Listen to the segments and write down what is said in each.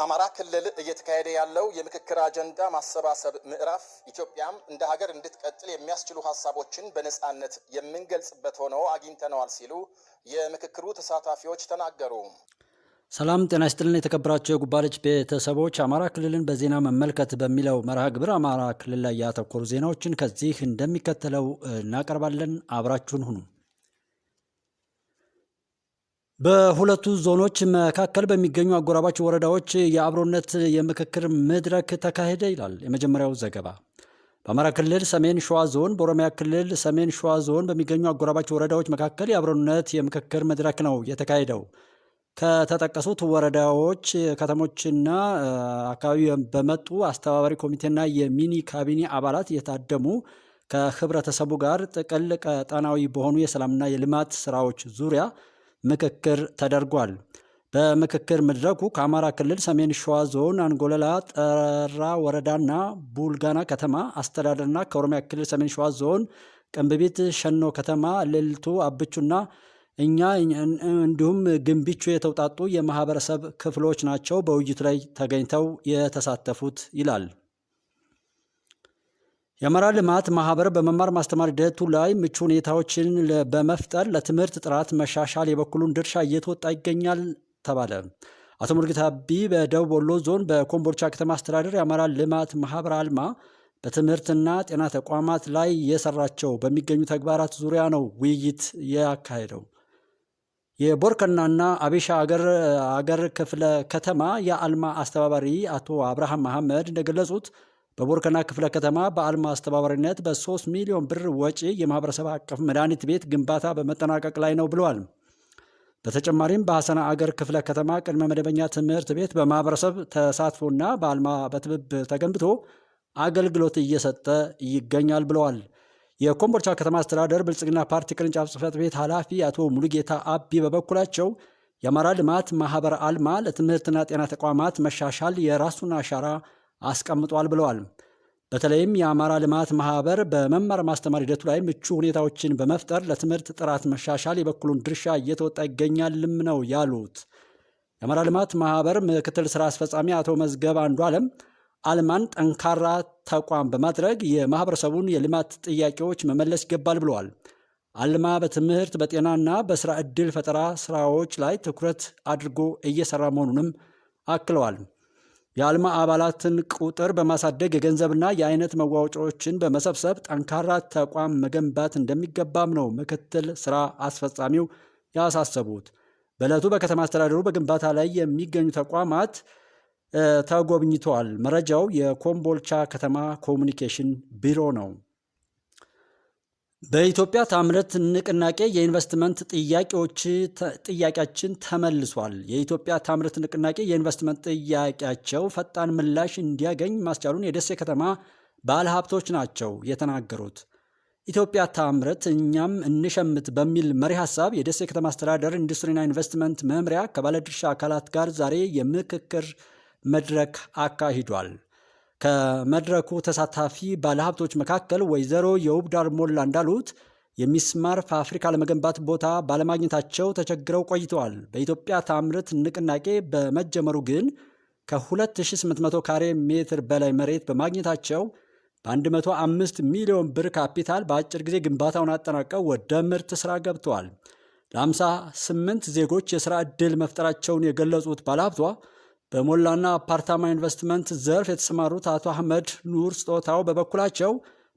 በአማራ ክልል እየተካሄደ ያለው የምክክር አጀንዳ ማሰባሰብ ምዕራፍ ኢትዮጵያም እንደ ሀገር እንድትቀጥል የሚያስችሉ ሀሳቦችን በነፃነት የምንገልጽበት ሆኖ አግኝተነዋል ሲሉ የምክክሩ ተሳታፊዎች ተናገሩ። ሰላም ጤና ይስጥልን። የተከበራቸው የጉባለች ቤተሰቦች አማራ ክልልን በዜና መመልከት በሚለው መርሃ ግብር አማራ ክልል ላይ ያተኮሩ ዜናዎችን ከዚህ እንደሚከተለው እናቀርባለን። አብራችሁን ሁኑ። በሁለቱ ዞኖች መካከል በሚገኙ አጎራባች ወረዳዎች የአብሮነት የምክክር መድረክ ተካሄደ ይላል የመጀመሪያው ዘገባ። በአማራ ክልል ሰሜን ሸዋ ዞን፣ በኦሮሚያ ክልል ሰሜን ሸዋ ዞን በሚገኙ አጎራባች ወረዳዎች መካከል የአብሮነት የምክክር መድረክ ነው የተካሄደው። ከተጠቀሱት ወረዳዎች ከተሞችና አካባቢ በመጡ አስተባባሪ ኮሚቴና የሚኒ ካቢኔ አባላት የታደሙ ከህብረተሰቡ ጋር ጥቅል ቀጠናዊ በሆኑ የሰላምና የልማት ስራዎች ዙሪያ ምክክር ተደርጓል። በምክክር መድረኩ ከአማራ ክልል ሰሜን ሸዋ ዞን አንጎለላ ጠራ ወረዳና ቡልጋና ከተማ አስተዳደርና ከኦሮሚያ ክልል ሰሜን ሸዋ ዞን ቅንብቢት ሸኖ ከተማ፣ ልልቱ አብቹና እኛ እንዲሁም ግንቢቹ የተውጣጡ የማህበረሰብ ክፍሎች ናቸው በውይይቱ ላይ ተገኝተው የተሳተፉት ይላል። የአማራ ልማት ማህበር በመማር ማስተማር ሂደቱ ላይ ምቹ ሁኔታዎችን በመፍጠር ለትምህርት ጥራት መሻሻል የበኩሉን ድርሻ እየተወጣ ይገኛል ተባለ። አቶ ሙሉጌታ አቢ በደቡብ ወሎ ዞን በኮምቦልቻ ከተማ አስተዳደር የአማራ ልማት ማህበር አልማ በትምህርትና ጤና ተቋማት ላይ የሰራቸው በሚገኙ ተግባራት ዙሪያ ነው ውይይት ያካሄደው። የቦርከናና አቤሻ አገር ክፍለ ከተማ የአልማ አስተባባሪ አቶ አብርሃም መሐመድ እንደገለጹት በቦርከና ክፍለ ከተማ በአልማ አስተባባሪነት በ3 ሚሊዮን ብር ወጪ የማህበረሰብ አቀፍ መድኃኒት ቤት ግንባታ በመጠናቀቅ ላይ ነው ብለዋል። በተጨማሪም በሐሰና አገር ክፍለ ከተማ ቅድመ መደበኛ ትምህርት ቤት በማህበረሰብ ተሳትፎና በአልማ በትብብር ተገንብቶ አገልግሎት እየሰጠ ይገኛል ብለዋል። የኮምቦልቻ ከተማ አስተዳደር ብልጽግና ፓርቲ ቅርንጫፍ ጽህፈት ቤት ኃላፊ አቶ ሙሉጌታ አቢ በበኩላቸው የአማራ ልማት ማህበር አልማ ለትምህርትና ጤና ተቋማት መሻሻል የራሱን አሻራ አስቀምጧል ብለዋል። በተለይም የአማራ ልማት ማህበር በመማር ማስተማር ሂደቱ ላይ ምቹ ሁኔታዎችን በመፍጠር ለትምህርት ጥራት መሻሻል የበኩሉን ድርሻ እየተወጣ ይገኛልም ነው ያሉት። የአማራ ልማት ማህበር ምክትል ስራ አስፈጻሚ አቶ መዝገብ አንዱ አለም አልማን ጠንካራ ተቋም በማድረግ የማህበረሰቡን የልማት ጥያቄዎች መመለስ ይገባል ብለዋል። አልማ በትምህርት በጤናና በስራ ዕድል ፈጠራ ስራዎች ላይ ትኩረት አድርጎ እየሰራ መሆኑንም አክለዋል። የአልማ አባላትን ቁጥር በማሳደግ የገንዘብና የአይነት መዋወጫዎችን በመሰብሰብ ጠንካራ ተቋም መገንባት እንደሚገባም ነው ምክትል ስራ አስፈጻሚው ያሳሰቡት። በዕለቱ በከተማ አስተዳደሩ በግንባታ ላይ የሚገኙ ተቋማት ተጎብኝተዋል። መረጃው የኮምቦልቻ ከተማ ኮሚኒኬሽን ቢሮ ነው። በኢትዮጵያ ታምረት ንቅናቄ የኢንቨስትመንት ጥያቄዎች ጥያቄያችን ተመልሷል። የኢትዮጵያ ታምረት ንቅናቄ የኢንቨስትመንት ጥያቄያቸው ፈጣን ምላሽ እንዲያገኝ ማስቻሉን የደሴ ከተማ ባለሀብቶች ናቸው የተናገሩት። ኢትዮጵያ ታምረት እኛም እንሸምት በሚል መሪ ሀሳብ የደሴ ከተማ አስተዳደር ኢንዱስትሪና ኢንቨስትመንት መምሪያ ከባለድርሻ አካላት ጋር ዛሬ የምክክር መድረክ አካሂዷል። ከመድረኩ ተሳታፊ ባለሀብቶች መካከል ወይዘሮ የውብዳር ሞላ እንዳሉት የሚስማር ፋብሪካ ለመገንባት ቦታ ባለማግኘታቸው ተቸግረው ቆይተዋል። በኢትዮጵያ ታምርት ንቅናቄ በመጀመሩ ግን ከ2800 ካሬ ሜትር በላይ መሬት በማግኘታቸው በ105 ሚሊዮን ብር ካፒታል በአጭር ጊዜ ግንባታውን አጠናቀው ወደ ምርት ስራ ገብተዋል። ለ58 ዜጎች የሥራ ዕድል መፍጠራቸውን የገለጹት ባለሀብቷ በሞላና አፓርታማ ኢንቨስትመንት ዘርፍ የተሰማሩት አቶ አህመድ ኑር ስጦታው በበኩላቸው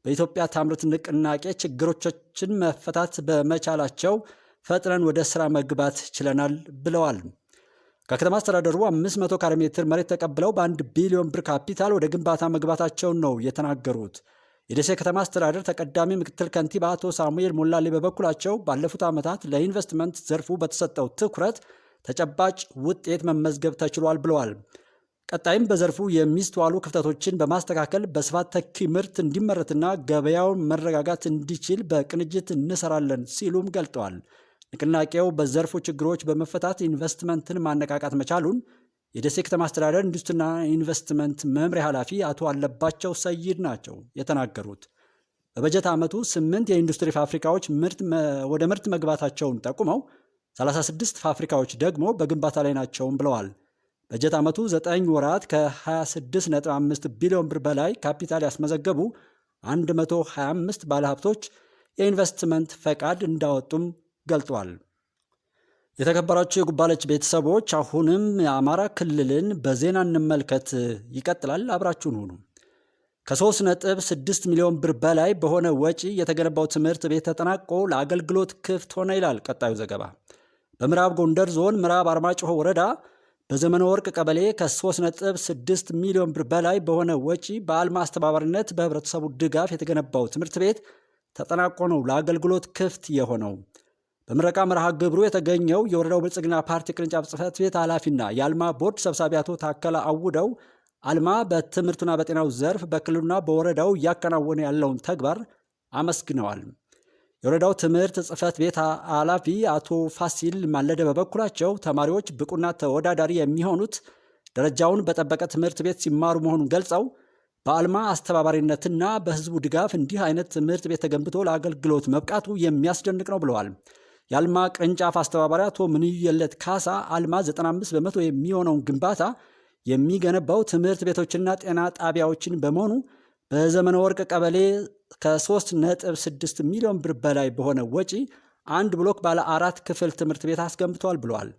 በኢትዮጵያ ታምርት ንቅናቄ ችግሮቻችን መፈታት በመቻላቸው ፈጥነን ወደ ስራ መግባት ችለናል ብለዋል። ከከተማ አስተዳደሩ 500 ካሬ ሜትር መሬት ተቀብለው በ1 ቢሊዮን ብር ካፒታል ወደ ግንባታ መግባታቸውን ነው የተናገሩት። የደሴ ከተማ አስተዳደር ተቀዳሚ ምክትል ከንቲባ አቶ ሳሙኤል ሞላሌ በበኩላቸው ባለፉት ዓመታት ለኢንቨስትመንት ዘርፉ በተሰጠው ትኩረት ተጨባጭ ውጤት መመዝገብ ተችሏል ብለዋል። ቀጣይም በዘርፉ የሚስተዋሉ ክፍተቶችን በማስተካከል በስፋት ተኪ ምርት እንዲመረትና ገበያውን መረጋጋት እንዲችል በቅንጅት እንሰራለን ሲሉም ገልጠዋል። ንቅናቄው በዘርፉ ችግሮች በመፈታት ኢንቨስትመንትን ማነቃቃት መቻሉን የደሴ ከተማ አስተዳደር ኢንዱስትሪና ኢንቨስትመንት መምሪያ ኃላፊ አቶ አለባቸው ሰይድ ናቸው የተናገሩት። በበጀት ዓመቱ ስምንት የኢንዱስትሪ ፋብሪካዎች ወደ ምርት መግባታቸውን ጠቁመው 36 ፋብሪካዎች ደግሞ በግንባታ ላይ ናቸውም ብለዋል። በጀት ዓመቱ 9 ወራት ከ26.5 ቢሊዮን ብር በላይ ካፒታል ያስመዘገቡ 125 ባለሀብቶች የኢንቨስትመንት ፈቃድ እንዳወጡም ገልጧል። የተከበራቸው የጉባለች ቤተሰቦች አሁንም የአማራ ክልልን በዜና እንመልከት ይቀጥላል። አብራችሁን ሁኑ። ከ3.6 ሚሊዮን ብር በላይ በሆነ ወጪ የተገነባው ትምህርት ቤት ተጠናቆ ለአገልግሎት ክፍት ሆነ ይላል ቀጣዩ ዘገባ። በምዕራብ ጎንደር ዞን ምዕራብ አርማጭሆ ወረዳ በዘመነ ወርቅ ቀበሌ ከ3.6 ሚሊዮን ብር በላይ በሆነ ወጪ በአልማ አስተባባሪነት በህብረተሰቡ ድጋፍ የተገነባው ትምህርት ቤት ተጠናቆ ነው ለአገልግሎት ክፍት የሆነው። በምረቃ መርሃ ግብሩ የተገኘው የወረዳው ብልጽግና ፓርቲ ቅርንጫፍ ጽህፈት ቤት ኃላፊና የአልማ ቦርድ ሰብሳቢ አቶ ታከለ አውደው አልማ በትምህርቱና በጤናው ዘርፍ በክልሉና በወረዳው እያከናወነ ያለውን ተግባር አመስግነዋል። የወረዳው ትምህርት ጽህፈት ቤት ኃላፊ አቶ ፋሲል ማለደ በበኩላቸው ተማሪዎች ብቁና ተወዳዳሪ የሚሆኑት ደረጃውን በጠበቀ ትምህርት ቤት ሲማሩ መሆኑን ገልጸው በአልማ አስተባባሪነትና በህዝቡ ድጋፍ እንዲህ አይነት ትምህርት ቤት ተገንብቶ ለአገልግሎት መብቃቱ የሚያስደንቅ ነው ብለዋል። የአልማ ቅርንጫፍ አስተባባሪ አቶ ምንዩየለት ካሳ አልማ 95 በመቶ የሚሆነውን ግንባታ የሚገነባው ትምህርት ቤቶችና ጤና ጣቢያዎችን በመሆኑ በዘመነ ወርቅ ቀበሌ ከ3.6 ሚሊዮን ብር በላይ በሆነ ወጪ አንድ ብሎክ ባለ አራት ክፍል ትምህርት ቤት አስገንብቷል ብለዋል።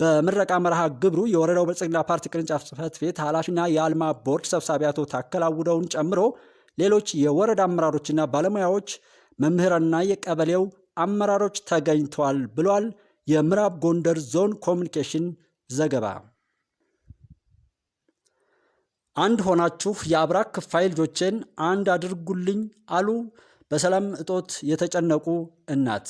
በምረቃ መርሃ ግብሩ የወረዳው ብልጽግና ፓርቲ ቅርንጫፍ ጽህፈት ቤት ኃላፊና የአልማ ቦርድ ሰብሳቢ አቶ ታከላውደውን ጨምሮ ሌሎች የወረዳ አመራሮችና ባለሙያዎች፣ መምህራንና የቀበሌው አመራሮች ተገኝተዋል ብሏል። የምዕራብ ጎንደር ዞን ኮሚኒኬሽን ዘገባ አንድ ሆናችሁ የአብራክ ክፋይ ልጆቼን አንድ አድርጉልኝ አሉ በሰላም እጦት የተጨነቁ እናት።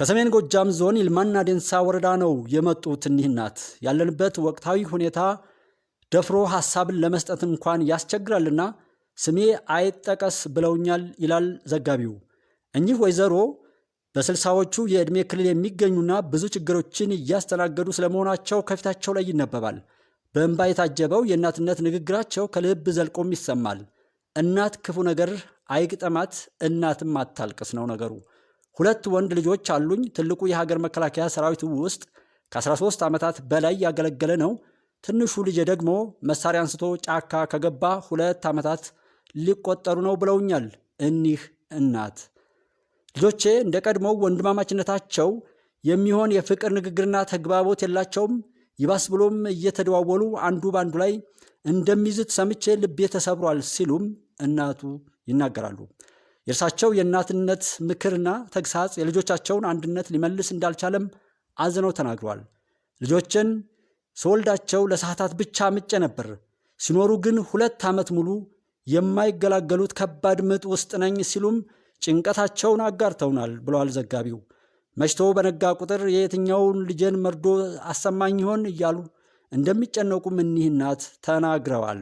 ከሰሜን ጎጃም ዞን ይልማና ዴንሳ ወረዳ ነው የመጡት እኒህ እናት። ያለንበት ወቅታዊ ሁኔታ ደፍሮ ሐሳብን ለመስጠት እንኳን ያስቸግራልና ስሜ አይጠቀስ ብለውኛል ይላል ዘጋቢው። እኚህ ወይዘሮ በስልሳዎቹ የዕድሜ ክልል የሚገኙና ብዙ ችግሮችን እያስተናገዱ ስለመሆናቸው ከፊታቸው ላይ ይነበባል። በእንባ የታጀበው የእናትነት ንግግራቸው ከልብ ዘልቆም ይሰማል። እናት ክፉ ነገር አይግጠማት፣ እናትም አታልቅስ ነው ነገሩ። ሁለት ወንድ ልጆች አሉኝ። ትልቁ የሀገር መከላከያ ሰራዊት ውስጥ ከ13 ዓመታት በላይ ያገለገለ ነው። ትንሹ ልጄ ደግሞ መሳሪያ አንስቶ ጫካ ከገባ ሁለት ዓመታት ሊቆጠሩ ነው ብለውኛል እኒህ እናት። ልጆቼ እንደ ቀድሞው ወንድማማችነታቸው የሚሆን የፍቅር ንግግርና ተግባቦት የላቸውም። ይባስ ብሎም እየተደዋወሉ አንዱ በአንዱ ላይ እንደሚዝት ሰምቼ ልቤ ተሰብሯል ሲሉም እናቱ ይናገራሉ። የእርሳቸው የእናትነት ምክርና ተግሳጽ የልጆቻቸውን አንድነት ሊመልስ እንዳልቻለም አዝነው ተናግሯል። ልጆችን ስወልዳቸው ለሰዓታት ብቻ ምጬ ነበር፣ ሲኖሩ ግን ሁለት ዓመት ሙሉ የማይገላገሉት ከባድ ምጥ ውስጥ ነኝ ሲሉም ጭንቀታቸውን አጋርተውናል ብለዋል ዘጋቢው። መሽቶ በነጋ ቁጥር የየትኛውን ልጄን መርዶ አሰማኝ ይሆን እያሉ እንደሚጨነቁም እኒህ እናት ተናግረዋል።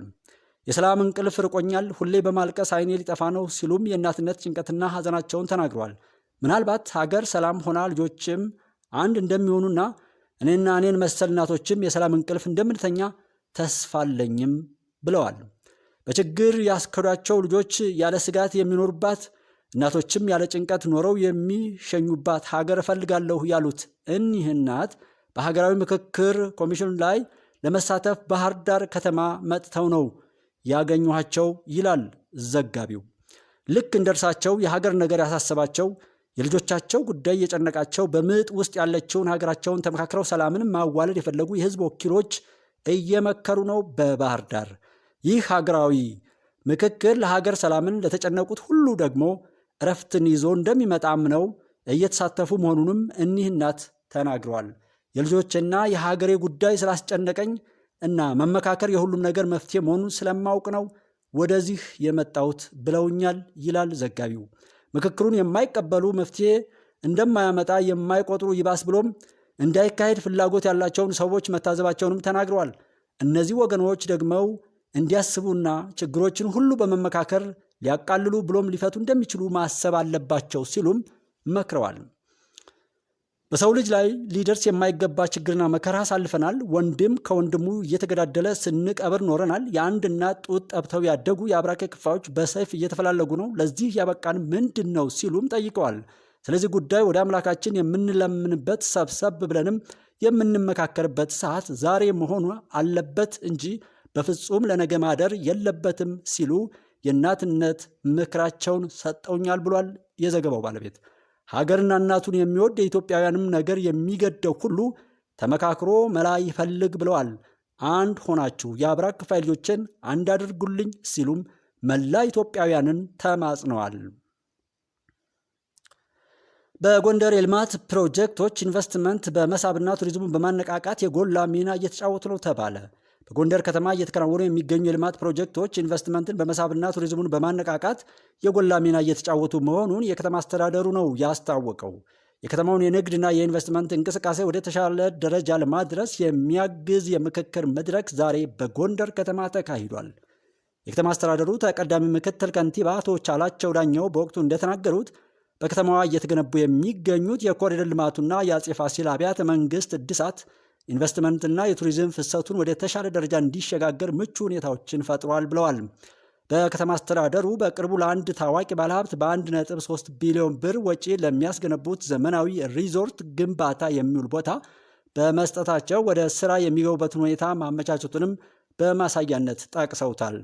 የሰላም እንቅልፍ ርቆኛል፣ ሁሌ በማልቀስ አይኔ ሊጠፋ ነው ሲሉም የእናትነት ጭንቀትና ሐዘናቸውን ተናግረዋል። ምናልባት ሀገር ሰላም ሆና ልጆችም አንድ እንደሚሆኑና እኔና እኔን መሰል እናቶችም የሰላም እንቅልፍ እንደምንተኛ ተስፋለኝም ብለዋል። በችግር ያስከዷቸው ልጆች ያለ ስጋት የሚኖሩባት እናቶችም ያለ ጭንቀት ኖረው የሚሸኙባት ሀገር እፈልጋለሁ ያሉት እኒህ እናት በሀገራዊ ምክክር ኮሚሽን ላይ ለመሳተፍ ባህር ዳር ከተማ መጥተው ነው ያገኘኋቸው ይላል ዘጋቢው። ልክ እንደ እርሳቸው የሀገር ነገር ያሳሰባቸው የልጆቻቸው ጉዳይ የጨነቃቸው በምጥ ውስጥ ያለችውን ሀገራቸውን ተመካክረው ሰላምን ማዋለድ የፈለጉ የህዝብ ወኪሎች እየመከሩ ነው በባህር ዳር። ይህ ሀገራዊ ምክክር ለሀገር ሰላምን ለተጨነቁት ሁሉ ደግሞ እረፍትን ይዞ እንደሚመጣም ነው እየተሳተፉ መሆኑንም እኒህ እናት ተናግረዋል። የልጆችና የሀገሬ ጉዳይ ስላስጨነቀኝ እና መመካከር የሁሉም ነገር መፍትሄ መሆኑን ስለማውቅ ነው ወደዚህ የመጣሁት ብለውኛል ይላል ዘጋቢው። ምክክሩን የማይቀበሉ መፍትሄ እንደማያመጣ የማይቆጥሩ ይባስ ብሎም እንዳይካሄድ ፍላጎት ያላቸውን ሰዎች መታዘባቸውንም ተናግረዋል። እነዚህ ወገኖች ደግመው እንዲያስቡና ችግሮችን ሁሉ በመመካከር ሊያቃልሉ ብሎም ሊፈቱ እንደሚችሉ ማሰብ አለባቸው ሲሉም መክረዋል። በሰው ልጅ ላይ ሊደርስ የማይገባ ችግርና መከራ አሳልፈናል። ወንድም ከወንድሙ እየተገዳደለ ስንቀብር ኖረናል። የአንድ እናት ጡት ጠብተው ያደጉ የአብራኬ ክፋዮች በሰይፍ እየተፈላለጉ ነው። ለዚህ ያበቃን ምንድን ነው ሲሉም ጠይቀዋል። ስለዚህ ጉዳይ ወደ አምላካችን የምንለምንበት ሰብሰብ ብለንም የምንመካከርበት ሰዓት ዛሬ መሆኑ አለበት እንጂ በፍጹም ለነገ ማደር የለበትም ሲሉ የእናትነት ምክራቸውን ሰጠውኛል ብሏል የዘገባው ባለቤት። ሀገርና እናቱን የሚወድ የኢትዮጵያውያንም ነገር የሚገደው ሁሉ ተመካክሮ መላ ይፈልግ ብለዋል። አንድ ሆናችሁ የአብራክ ክፋይ ልጆችን አንድ አድርጉልኝ ሲሉም መላ ኢትዮጵያውያንን ተማጽነዋል። በጎንደር የልማት ፕሮጀክቶች ኢንቨስትመንት በመሳብና ቱሪዝሙን በማነቃቃት የጎላ ሚና እየተጫወቱ ነው ተባለ። በጎንደር ከተማ እየተከናወኑ የሚገኙ የልማት ፕሮጀክቶች ኢንቨስትመንትን በመሳብና ቱሪዝሙን በማነቃቃት የጎላ ሚና እየተጫወቱ መሆኑን የከተማ አስተዳደሩ ነው ያስታወቀው። የከተማውን የንግድና የኢንቨስትመንት እንቅስቃሴ ወደ ተሻለ ደረጃ ለማድረስ የሚያግዝ የምክክር መድረክ ዛሬ በጎንደር ከተማ ተካሂዷል። የከተማ አስተዳደሩ ተቀዳሚ ምክትል ከንቲባ አቶ ቻላቸው ዳኘው በወቅቱ እንደተናገሩት በከተማዋ እየተገነቡ የሚገኙት የኮሪደር ልማቱና የአጼ ፋሲል አብያተ መንግስት እድሳት ኢንቨስትመንትና የቱሪዝም ፍሰቱን ወደ ተሻለ ደረጃ እንዲሸጋገር ምቹ ሁኔታዎችን ፈጥሯል ብለዋል። በከተማ አስተዳደሩ በቅርቡ ለአንድ ታዋቂ ባለሀብት በ1.3 ቢሊዮን ብር ወጪ ለሚያስገነቡት ዘመናዊ ሪዞርት ግንባታ የሚውል ቦታ በመስጠታቸው ወደ ስራ የሚገቡበትን ሁኔታ ማመቻቸቱንም በማሳያነት ጠቅሰውታል።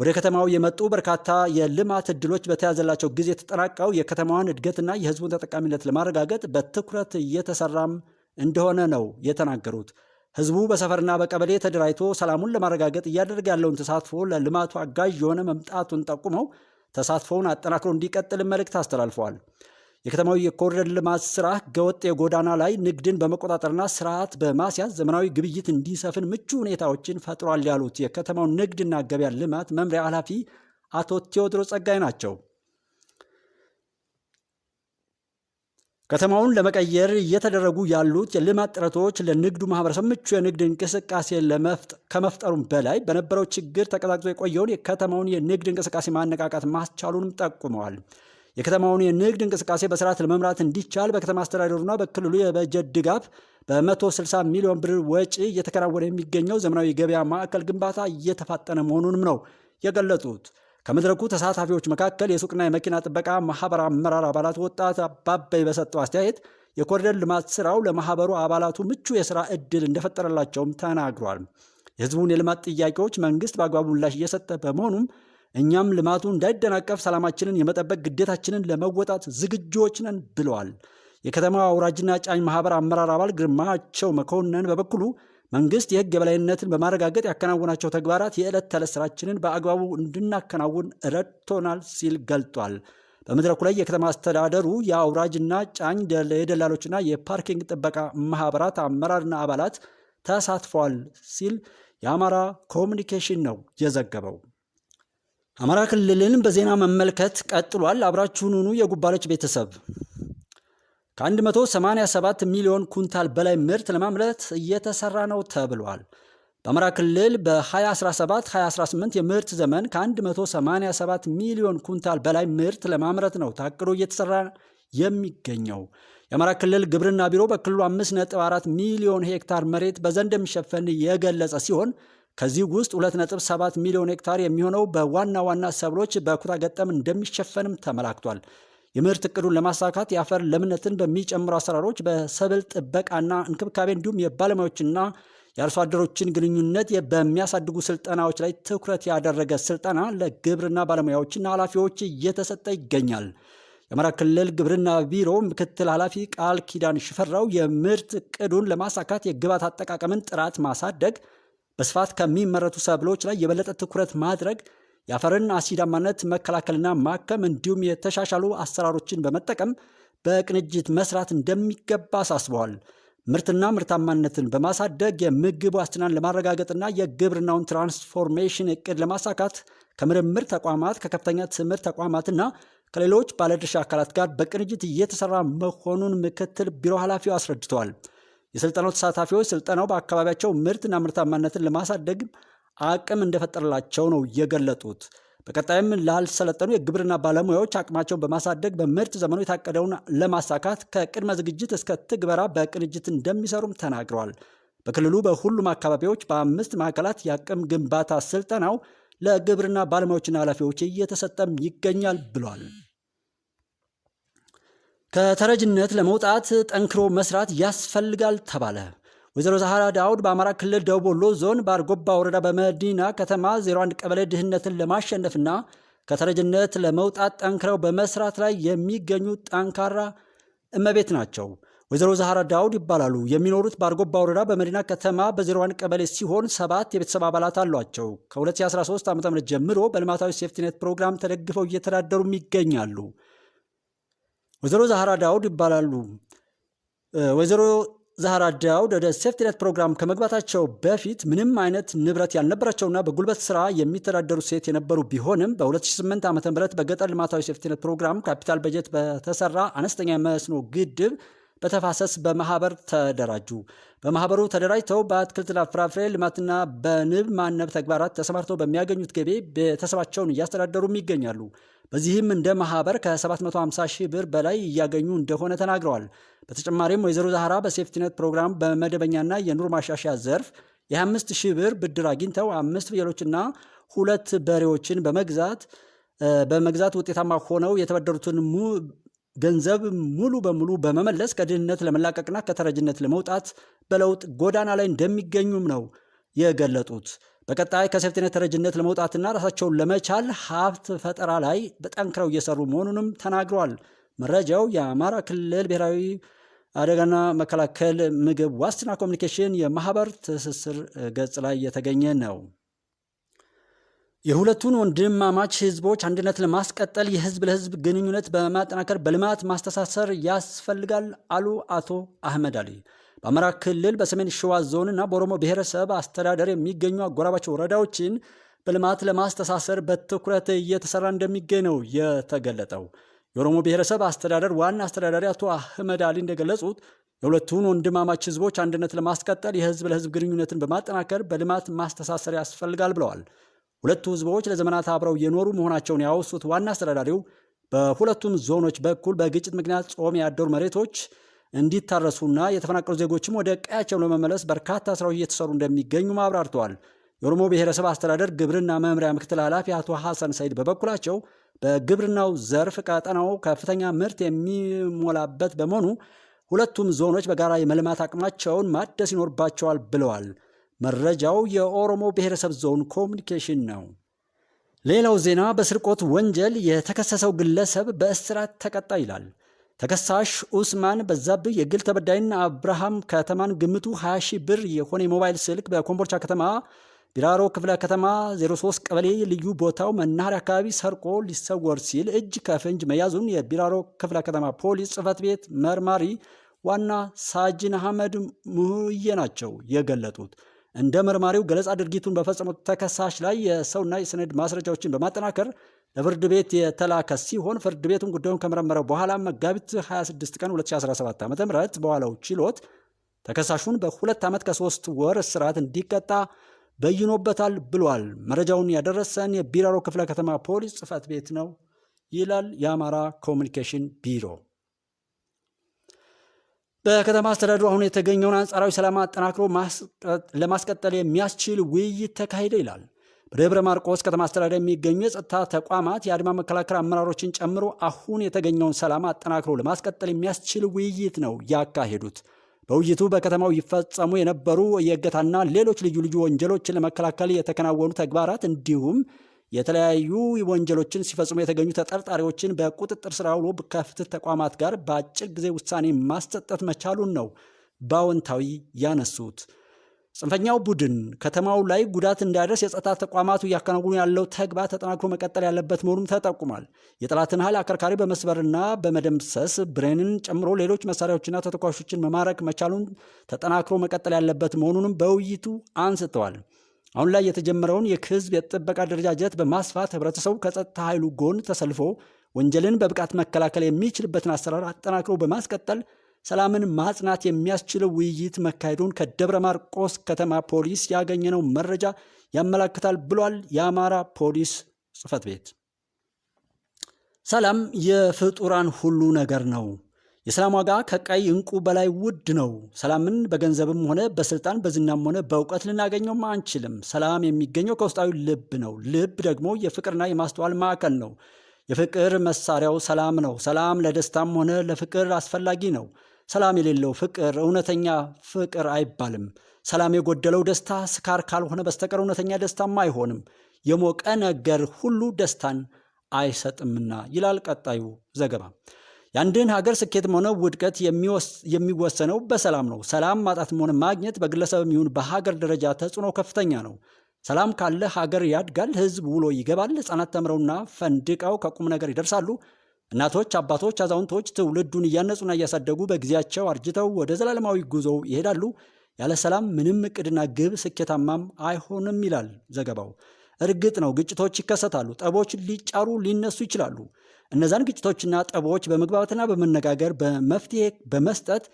ወደ ከተማው የመጡ በርካታ የልማት እድሎች በተያዘላቸው ጊዜ ተጠናቀው የከተማዋን እድገትና የሕዝቡን ተጠቃሚነት ለማረጋገጥ በትኩረት እየተሰራም እንደሆነ ነው የተናገሩት። ህዝቡ በሰፈርና በቀበሌ ተደራጅቶ ሰላሙን ለማረጋገጥ እያደረገ ያለውን ተሳትፎ ለልማቱ አጋዥ የሆነ መምጣቱን ጠቁመው ተሳትፎውን አጠናክሮ እንዲቀጥልን መልእክት አስተላልፈዋል። የከተማው የኮሪደር ልማት ስራ ህገወጥ የጎዳና ላይ ንግድን በመቆጣጠርና ስርዓት በማስያዝ ዘመናዊ ግብይት እንዲሰፍን ምቹ ሁኔታዎችን ፈጥሯል ያሉት የከተማው ንግድና ገበያ ልማት መምሪያ ኃላፊ አቶ ቴዎድሮስ ጸጋይ ናቸው። ከተማውን ለመቀየር እየተደረጉ ያሉት የልማት ጥረቶች ለንግዱ ማህበረሰብ ምቹ የንግድ እንቅስቃሴ ከመፍጠሩም በላይ በነበረው ችግር ተቀዛቅዞ የቆየውን የከተማውን የንግድ እንቅስቃሴ ማነቃቃት ማስቻሉንም ጠቁመዋል። የከተማውን የንግድ እንቅስቃሴ በስርዓት ለመምራት እንዲቻል በከተማ አስተዳደሩና በክልሉ የበጀት ድጋፍ በ160 ሚሊዮን ብር ወጪ እየተከናወነ የሚገኘው ዘመናዊ ገበያ ማዕከል ግንባታ እየተፋጠነ መሆኑንም ነው የገለጹት። ከመድረኩ ተሳታፊዎች መካከል የሱቅና የመኪና ጥበቃ ማህበር አመራር አባላት ወጣት አባበይ በሰጠው አስተያየት የኮሪደር ልማት ስራው ለማህበሩ አባላቱ ምቹ የስራ እድል እንደፈጠረላቸውም ተናግሯል። የህዝቡን የልማት ጥያቄዎች መንግስት በአግባቡ ምላሽ እየሰጠ በመሆኑም እኛም ልማቱ እንዳይደናቀፍ ሰላማችንን የመጠበቅ ግዴታችንን ለመወጣት ዝግጆች ነን ብለዋል። የከተማው አውራጅና ጫኝ ማህበር አመራር አባል ግርማቸው መኮንን በበኩሉ መንግስት የህግ የበላይነትን በማረጋገጥ ያከናወናቸው ተግባራት የዕለት ተዕለት ስራችንን በአግባቡ እንድናከናውን ረድቶናል ሲል ገልጧል። በመድረኩ ላይ የከተማ አስተዳደሩ የአውራጅና ጫኝ የደላሎችና የፓርኪንግ ጥበቃ ማህበራት አመራርና አባላት ተሳትፏል ሲል የአማራ ኮሚኒኬሽን ነው የዘገበው። አማራ ክልልን በዜና መመልከት ቀጥሏል። አብራችሁኑኑ የጉባለች ቤተሰብ ከ187 ሚሊዮን ኩንታል በላይ ምርት ለማምረት እየተሰራ ነው ተብሏል። በአማራ ክልል በ2017-2018 የምርት ዘመን ከ187 ሚሊዮን ኩንታል በላይ ምርት ለማምረት ነው ታቅዶ እየተሰራ የሚገኘው። የአማራ ክልል ግብርና ቢሮ በክልሉ 5.4 ሚሊዮን ሄክታር መሬት በዘንድ የሚሸፈን የገለጸ ሲሆን ከዚህ ውስጥ 2.7 ሚሊዮን ሄክታር የሚሆነው በዋና ዋና ሰብሎች በኩታ ገጠም እንደሚሸፈንም ተመላክቷል። የምርት እቅዱን ለማሳካት የአፈር ለምነትን በሚጨምሩ አሰራሮች በሰብል ጥበቃና እንክብካቤ እንዲሁም የባለሙያዎችና የአርሶ አደሮችን ግንኙነት በሚያሳድጉ ስልጠናዎች ላይ ትኩረት ያደረገ ስልጠና ለግብርና ባለሙያዎችና ኃላፊዎች እየተሰጠ ይገኛል። የአማራ ክልል ግብርና ቢሮ ምክትል ኃላፊ ቃል ኪዳን ሽፈራው የምርት እቅዱን ለማሳካት የግብዓት አጠቃቀምን ጥራት ማሳደግ፣ በስፋት ከሚመረቱ ሰብሎች ላይ የበለጠ ትኩረት ማድረግ የአፈርን አሲዳማነት መከላከልና ማከም እንዲሁም የተሻሻሉ አሰራሮችን በመጠቀም በቅንጅት መስራት እንደሚገባ አሳስበዋል። ምርትና ምርታማነትን በማሳደግ የምግብ ዋስትናን ለማረጋገጥና የግብርናውን ትራንስፎርሜሽን እቅድ ለማሳካት ከምርምር ተቋማት ከከፍተኛ ትምህርት ተቋማትና ከሌሎች ባለድርሻ አካላት ጋር በቅንጅት እየተሰራ መሆኑን ምክትል ቢሮ ኃላፊው አስረድተዋል። የስልጠናው ተሳታፊዎች ስልጠናው በአካባቢያቸው ምርትና ምርታማነትን ለማሳደግ አቅም እንደፈጠረላቸው ነው የገለጡት። በቀጣይም ላልሰለጠኑ የግብርና ባለሙያዎች አቅማቸውን በማሳደግ በምርት ዘመኑ የታቀደውን ለማሳካት ከቅድመ ዝግጅት እስከ ትግበራ በቅንጅት እንደሚሰሩም ተናግረዋል። በክልሉ በሁሉም አካባቢዎች በአምስት ማዕከላት የአቅም ግንባታ ስልጠናው ለግብርና ባለሙያዎችና ኃላፊዎች እየተሰጠም ይገኛል ብሏል። ከተረጅነት ለመውጣት ጠንክሮ መስራት ያስፈልጋል ተባለ። ወይዘሮ ዛህራ ዳውድ በአማራ ክልል ደቡብ ወሎ ዞን በአርጎባ ወረዳ በመዲና ከተማ 01 ቀበሌ ድህነትን ለማሸነፍና ከተረጅነት ለመውጣት ጠንክረው በመስራት ላይ የሚገኙ ጠንካራ እመቤት ናቸው። ወይዘሮ ዛህራ ዳውድ ይባላሉ። የሚኖሩት በአርጎባ ወረዳ በመዲና ከተማ በ01 ቀበሌ ሲሆን ሰባት የቤተሰብ አባላት አሏቸው። ከ2013 ዓ ም ጀምሮ በልማታዊ ሴፍቲኔት ፕሮግራም ተደግፈው እየተዳደሩም ይገኛሉ። ወይዘሮ ዛህራ ዳውድ ይባላሉ። ወይዘሮ ዛህራ ዳውድ ወደ ሴፍቲኔት ፕሮግራም ከመግባታቸው በፊት ምንም አይነት ንብረት ያልነበራቸውና በጉልበት ስራ የሚተዳደሩ ሴት የነበሩ ቢሆንም በ2008 ዓ ም በገጠር ልማታዊ ሴፍቲኔት ፕሮግራም ካፒታል በጀት በተሰራ አነስተኛ የመስኖ ግድብ በተፋሰስ በማህበር ተደራጁ። በማህበሩ ተደራጅተው በአትክልትና ፍራፍሬ ልማትና በንብ ማነብ ተግባራት ተሰማርተው በሚያገኙት ገቢ ቤተሰባቸውን እያስተዳደሩም ይገኛሉ። በዚህም እንደ ማህበር ከ750 ሺህ ብር በላይ እያገኙ እንደሆነ ተናግረዋል። በተጨማሪም ወይዘሮ ዛህራ በሴፍቲነት ፕሮግራም በመደበኛና የኑር ማሻሻያ ዘርፍ የ25 ሺህ ብር ብድር አግኝተው አምስት ፍየሎችና ሁለት በሬዎችን በመግዛት በመግዛት ውጤታማ ሆነው የተበደሩትን ገንዘብ ሙሉ በሙሉ በመመለስ ከድህነት ለመላቀቅና ከተረጅነት ለመውጣት በለውጥ ጎዳና ላይ እንደሚገኙም ነው የገለጡት። በቀጣይ ከሴፍትኔት ተረጅነት ለመውጣትና ራሳቸውን ለመቻል ሀብት ፈጠራ ላይ በጠንክረው እየሰሩ መሆኑንም ተናግረዋል። መረጃው የአማራ ክልል ብሔራዊ አደጋና መከላከል ምግብ ዋስትና ኮሚኒኬሽን የማህበር ትስስር ገጽ ላይ የተገኘ ነው። የሁለቱን ወንድማማች ህዝቦች አንድነት ለማስቀጠል የህዝብ ለህዝብ ግንኙነት በማጠናከር በልማት ማስተሳሰር ያስፈልጋል አሉ አቶ አህመድ አሊ። በአማራ ክልል በሰሜን ሸዋ ዞንና በኦሮሞ ብሔረሰብ አስተዳደር የሚገኙ አጎራባች ወረዳዎችን በልማት ለማስተሳሰር በትኩረት እየተሰራ እንደሚገኝ ነው የተገለጠው። የኦሮሞ ብሔረሰብ አስተዳደር ዋና አስተዳዳሪ አቶ አህመድ አሊ እንደገለጹት የሁለቱን ወንድማማች ህዝቦች አንድነት ለማስቀጠል የህዝብ ለህዝብ ግንኙነትን በማጠናከር በልማት ማስተሳሰር ያስፈልጋል ብለዋል። ሁለቱ ህዝቦች ለዘመናት አብረው የኖሩ መሆናቸውን ያወሱት ዋና አስተዳዳሪው በሁለቱም ዞኖች በኩል በግጭት ምክንያት ጾም ያደሩ መሬቶች እንዲታረሱና የተፈናቀሉ ዜጎችም ወደ ቀያቸው ለመመለስ በርካታ ስራዎች እየተሰሩ እንደሚገኙ አብራርተዋል። የኦሮሞ ብሔረሰብ አስተዳደር ግብርና መምሪያ ምክትል ኃላፊ አቶ ሐሰን ሰይድ በበኩላቸው በግብርናው ዘርፍ ቀጠናው ከፍተኛ ምርት የሚሞላበት በመሆኑ ሁለቱም ዞኖች በጋራ የመልማት አቅማቸውን ማደስ ይኖርባቸዋል ብለዋል። መረጃው የኦሮሞ ብሔረሰብ ዞን ኮሚኒኬሽን ነው። ሌላው ዜና በስርቆት ወንጀል የተከሰሰው ግለሰብ በእስራት ተቀጣ ይላል። ተከሳሽ ኡስማን በዛብህ የግል ተበዳይን አብርሃም ከተማን ግምቱ 20 ሺህ ብር የሆነ የሞባይል ስልክ በኮምቦልቻ ከተማ ቢራሮ ክፍለ ከተማ 03 ቀበሌ ልዩ ቦታው መናኸሪያ አካባቢ ሰርቆ ሊሰወር ሲል እጅ ከፍንጅ መያዙን የቢራሮ ክፍለ ከተማ ፖሊስ ጽፈት ቤት መርማሪ ዋና ሳጅን አህመድ ሙህዬ ናቸው የገለጡት። እንደ መርማሪው ገለጻ ድርጊቱን በፈጸሙት ተከሳሽ ላይ የሰውና የሰነድ ማስረጃዎችን በማጠናከር ለፍርድ ቤት የተላከ ሲሆን ፍርድ ቤቱን ጉዳዩን ከመረመረው በኋላ መጋቢት 26 ቀን 2017 ዓ ም በኋላው ችሎት ተከሳሹን በሁለት ዓመት ከሶስት ወር እስራት እንዲቀጣ በይኖበታል ብሏል። መረጃውን ያደረሰን የቢራሮ ክፍለ ከተማ ፖሊስ ጽፈት ቤት ነው ይላል የአማራ ኮሚኒኬሽን ቢሮ። በከተማ አስተዳደሩ አሁን የተገኘውን አንጻራዊ ሰላም አጠናክሮ ለማስቀጠል የሚያስችል ውይይት ተካሄደ ይላል። በደብረ ማርቆስ ከተማ አስተዳደር የሚገኙ የጸጥታ ተቋማት የአድማ መከላከል አመራሮችን ጨምሮ አሁን የተገኘውን ሰላም አጠናክሮ ለማስቀጠል የሚያስችል ውይይት ነው ያካሄዱት። በውይይቱ በከተማው ይፈጸሙ የነበሩ የእገታና ሌሎች ልዩ ልዩ ወንጀሎችን ለመከላከል የተከናወኑ ተግባራት እንዲሁም የተለያዩ ወንጀሎችን ሲፈጽሙ የተገኙ ተጠርጣሪዎችን በቁጥጥር ስር አውሎ ከፍትህ ተቋማት ጋር በአጭር ጊዜ ውሳኔ ማሰጠት መቻሉን ነው በአዎንታዊ ያነሱት። ጽንፈኛው ቡድን ከተማው ላይ ጉዳት እንዳይደርስ የጸጥታ ተቋማቱ እያከናወኑ ያለው ተግባር ተጠናክሮ መቀጠል ያለበት መሆኑም ተጠቁሟል። የጠላትን ኃይል አከርካሪ በመስበርና በመደምሰስ ብሬንን ጨምሮ ሌሎች መሳሪያዎችና ተተኳሾችን መማረክ መቻሉን ተጠናክሮ መቀጠል ያለበት መሆኑንም በውይይቱ አንስተዋል። አሁን ላይ የተጀመረውን የህዝብ የጥበቃ አደረጃጀት በማስፋት ህብረተሰቡ ከጸጥታ ኃይሉ ጎን ተሰልፎ ወንጀልን በብቃት መከላከል የሚችልበትን አሰራር አጠናክሮ በማስቀጠል ሰላምን ማጽናት የሚያስችለው ውይይት መካሄዱን ከደብረ ማርቆስ ከተማ ፖሊስ ያገኘነው መረጃ ያመላክታል ብሏል የአማራ ፖሊስ ጽህፈት ቤት። ሰላም የፍጡራን ሁሉ ነገር ነው። የሰላም ዋጋ ከቀይ እንቁ በላይ ውድ ነው። ሰላምን በገንዘብም ሆነ በስልጣን በዝናም ሆነ በእውቀት ልናገኘውም አንችልም። ሰላም የሚገኘው ከውስጣዊ ልብ ነው። ልብ ደግሞ የፍቅርና የማስተዋል ማዕከል ነው። የፍቅር መሳሪያው ሰላም ነው። ሰላም ለደስታም ሆነ ለፍቅር አስፈላጊ ነው። ሰላም የሌለው ፍቅር እውነተኛ ፍቅር አይባልም። ሰላም የጎደለው ደስታ ስካር ካልሆነ በስተቀር እውነተኛ ደስታም አይሆንም። የሞቀ ነገር ሁሉ ደስታን አይሰጥምና ይላል ቀጣዩ ዘገባ። የአንድን ሀገር ስኬትም ሆነ ውድቀት የሚወሰነው በሰላም ነው። ሰላም ማጣትም ሆነ ማግኘት በግለሰብ የሚሆን በሀገር ደረጃ ተጽዕኖ ከፍተኛ ነው። ሰላም ካለ ሀገር ያድጋል፣ ህዝብ ውሎ ይገባል፣ ህፃናት ተምረውና ፈንድቀው ከቁም ነገር ይደርሳሉ። እናቶች፣ አባቶች፣ አዛውንቶች ትውልዱን እያነጹና እያሳደጉ በጊዜያቸው አርጅተው ወደ ዘላለማዊ ጉዞ ይሄዳሉ። ያለ ሰላም ምንም እቅድና ግብ ስኬታማም አይሆንም ይላል ዘገባው። እርግጥ ነው ግጭቶች ይከሰታሉ፣ ጠቦች ሊጫሩ ሊነሱ ይችላሉ። እነዛን ግጭቶችና ጠቦች በመግባባትና በመነጋገር በመፍትሄ በመስጠት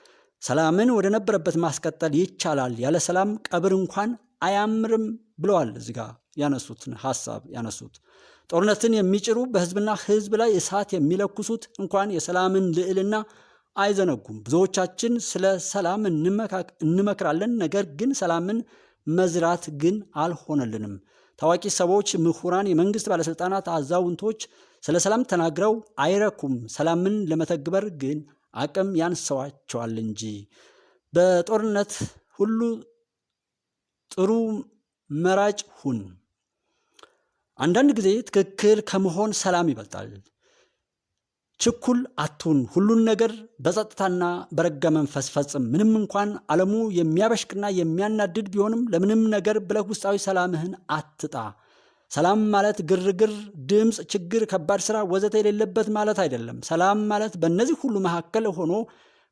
ሰላምን ወደ ነበረበት ማስቀጠል ይቻላል። ያለ ሰላም ቀብር እንኳን አያምርም ብለዋል። እዚ ጋ ያነሱትን ሀሳብ ያነሱት ጦርነትን የሚጭሩ በህዝብና ህዝብ ላይ እሳት የሚለኩሱት እንኳን የሰላምን ልዕልና አይዘነጉም። ብዙዎቻችን ስለ ሰላም እንመክራለን። ነገር ግን ሰላምን መዝራት ግን አልሆነልንም። ታዋቂ ሰዎች፣ ምሁራን፣ የመንግስት ባለስልጣናት፣ አዛውንቶች ስለ ሰላም ተናግረው አይረኩም። ሰላምን ለመተግበር ግን አቅም ያንሰዋቸዋል እንጂ በጦርነት ሁሉ ጥሩ መራጭ ሁን። አንዳንድ ጊዜ ትክክል ከመሆን ሰላም ይበልጣል። ችኩል አትሁን። ሁሉን ነገር በጸጥታና በረጋ መንፈስ ፈጽም። ምንም እንኳን ዓለሙ የሚያበሽቅና የሚያናድድ ቢሆንም ለምንም ነገር ብለህ ውስጣዊ ሰላምህን አትጣ። ሰላም ማለት ግርግር፣ ድምፅ፣ ችግር፣ ከባድ ስራ ወዘተ የሌለበት ማለት አይደለም። ሰላም ማለት በእነዚህ ሁሉ መካከል ሆኖ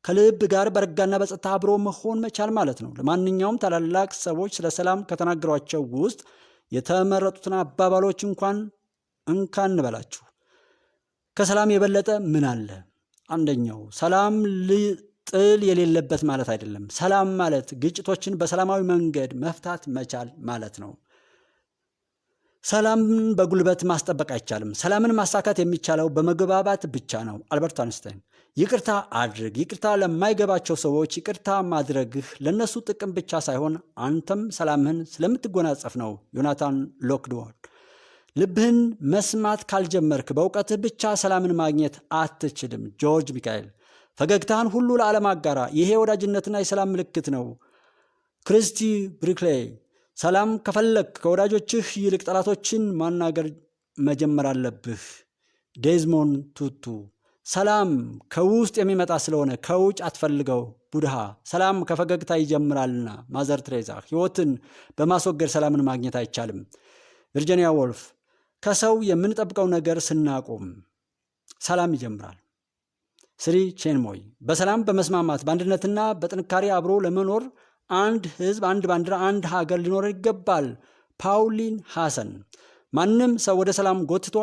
ከልብ ጋር በረጋና በጸጥታ አብሮ መሆን መቻል ማለት ነው። ለማንኛውም ታላላቅ ሰዎች ስለ ሰላም ከተናገሯቸው ውስጥ የተመረጡትን አባባሎች እንኳን እንካ እንበላችሁ። ከሰላም የበለጠ ምን አለ? አንደኛው ሰላም ጥል የሌለበት ማለት አይደለም። ሰላም ማለት ግጭቶችን በሰላማዊ መንገድ መፍታት መቻል ማለት ነው። ሰላምን በጉልበት ማስጠበቅ አይቻልም። ሰላምን ማሳካት የሚቻለው በመግባባት ብቻ ነው። አልበርት አንስታይን ይቅርታ አድርግ። ይቅርታ ለማይገባቸው ሰዎች ይቅርታ ማድረግህ ለእነሱ ጥቅም ብቻ ሳይሆን አንተም ሰላምህን ስለምትጎናጸፍ ነው። ዮናታን ሎክድዋል ልብህን መስማት ካልጀመርክ በእውቀትህ ብቻ ሰላምን ማግኘት አትችልም። ጆርጅ ሚካኤል። ፈገግታህን ሁሉ ለዓለም አጋራ። ይሄ የወዳጅነትና የሰላም ምልክት ነው። ክርስቲ ብሪክሌይ። ሰላም ከፈለግ ከወዳጆችህ ይልቅ ጠላቶችን ማናገር መጀመር አለብህ። ዴዝሞን ቱቱ። ሰላም ከውስጥ የሚመጣ ስለሆነ ከውጭ አትፈልገው። ቡድሃ። ሰላም ከፈገግታ ይጀምራልና። ማዘር ትሬዛ። ህይወትን በማስወገድ ሰላምን ማግኘት አይቻልም። ቪርጂኒያ ወልፍ ከሰው የምንጠብቀው ነገር ስናቆም ሰላም ይጀምራል። ስሪ ቼንሞይ በሰላም በመስማማት በአንድነትና በጥንካሬ አብሮ ለመኖር አንድ ህዝብ፣ አንድ ባንዲራ፣ አንድ ሀገር ሊኖር ይገባል። ፓውሊን ሐሰን ማንም ሰው ወደ ሰላም ጎትቶ